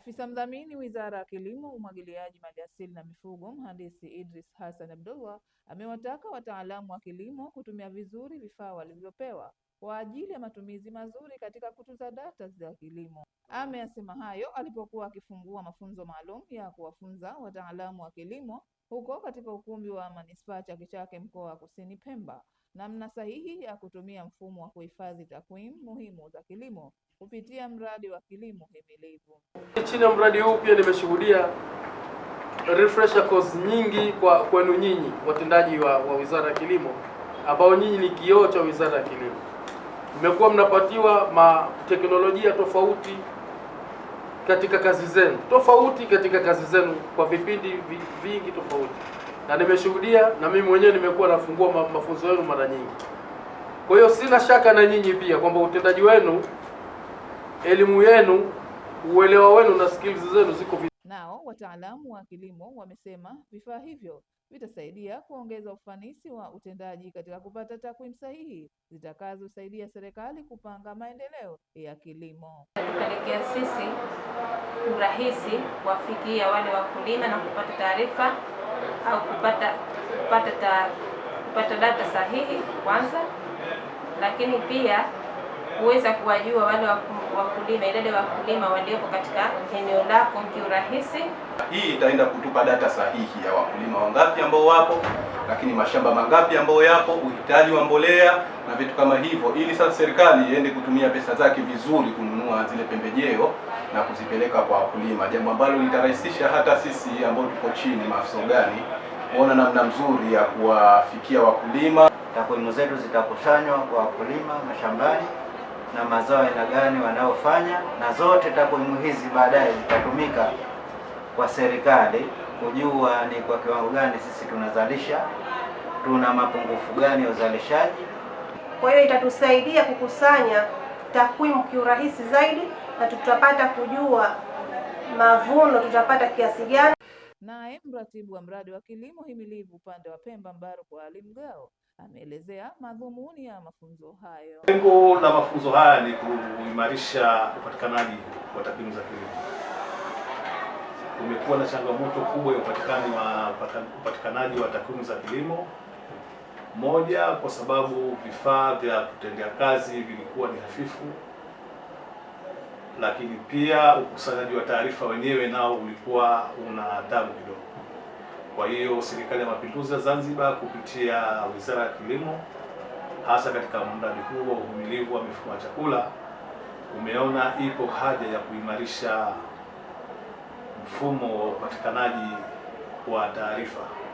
Afisa mdhamini Wizara ya Kilimo, Umwagiliaji, Maliasili na Mifugo, Mhandisi Idris Hassan Abdullah amewataka wataalamu wa kilimo kutumia vizuri vifaa walivyopewa kwa ajili ya matumizi mazuri katika kutunza data za kilimo. Ameyasema hayo alipokuwa akifungua mafunzo maalum ya kuwafunza wataalamu wa kilimo huko katika ukumbi wa manispaa Chake Chake mkoa wa Kusini Pemba namna sahihi ya kutumia mfumo wa kuhifadhi takwimu muhimu za kilimo kupitia mradi wa kilimo himilivu. Chini ya mradi huu pia nimeshuhudia refresher course nyingi kwa kwenu nyinyi watendaji wa, wa Wizara ya Kilimo ambao nyinyi ni kioo cha Wizara ya Kilimo. Mmekuwa mnapatiwa ma teknolojia tofauti katika kazi zenu, tofauti katika kazi zenu kwa vipindi vingi tofauti na nimeshuhudia na mimi mwenyewe nimekuwa nafungua mafunzo yenu mara nyingi. Kwa hiyo sina shaka na nyinyi pia kwamba utendaji wenu, elimu yenu, uelewa wenu na skills zenu ziko vizuri. Nao wataalamu wa kilimo wamesema vifaa hivyo vitasaidia kuongeza ufanisi wa utendaji katika kupata takwimu sahihi zitakazosaidia serikali kupanga maendeleo ya kilimo. Pelekea sisi urahisi kuwafikia wale wakulima na kupata taarifa au kupata kupata ta, kupata data sahihi kwanza, lakini pia kuweza kuwajua wale wa wakulima, idadi ya wakulima waliopo katika eneo lako kiurahisi. Hii itaenda kutupa data sahihi ya wakulima wangapi ambao wapo, lakini mashamba mangapi ambayo yapo, uhitaji wa mbolea na vitu kama hivyo, ili sasa serikali iende kutumia pesa zake vizuri kununua zile pembejeo na kuzipeleka kwa wakulima, jambo ambalo litarahisisha hata sisi ambao tuko chini, maafisa ugani, kuona namna nzuri ya kuwafikia wakulima. Takwimu zetu zitakusanywa kwa wakulima mashambani na mazao aina gani wanayofanya, na zote takwimu hizi baadaye zitatumika kwa serikali kujua ni kwa kiwango gani sisi tunazalisha, tuna mapungufu gani ya uzalishaji. Kwa hiyo itatusaidia kukusanya takwimu kiurahisi zaidi, na tutapata kujua mavuno tutapata kiasi gani. Naye mratibu wa mradi wa kilimo himilivu upande wa Pemba, kwa Ali Mgao, ameelezea madhumuni ya mafunzo hayo. Lengo la mafunzo haya ni kuimarisha upatikanaji wa takwimu za kilimo. Kumekuwa na changamoto kubwa ya upatikanaji wa upatikanaji wa takwimu za kilimo, moja kwa sababu vifaa vya kutendea kazi vilikuwa ni hafifu lakini pia ukusanyaji wa taarifa wenyewe nao ulikuwa una adhabu kidogo. Kwa hiyo serikali ya mapinduzi ya Zanzibar kupitia wizara ya kilimo, hasa katika mradi huu wa uhimilivu wa mifumo ya chakula, umeona ipo haja ya kuimarisha mfumo wa upatikanaji wa taarifa.